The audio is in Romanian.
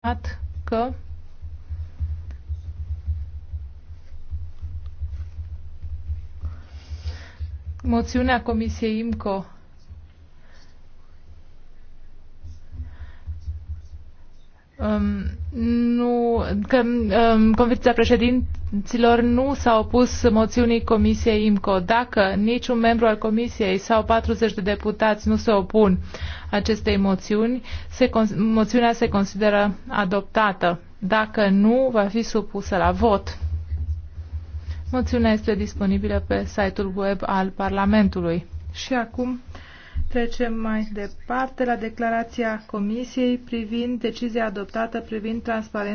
menționat că moțiunea Comisiei IMCO Um, nu, că um, Conferința Președinților nu s-a opus moțiunii Comisiei IMCO. Dacă niciun membru al Comisiei sau 40 de deputați nu se opun acestei moțiuni, se, moțiunea se consideră adoptată. Dacă nu, va fi supusă la vot. Moțiunea este disponibilă pe site-ul web al Parlamentului. Și acum Trecem mai departe la declarația Comisiei privind decizia adoptată privind transparența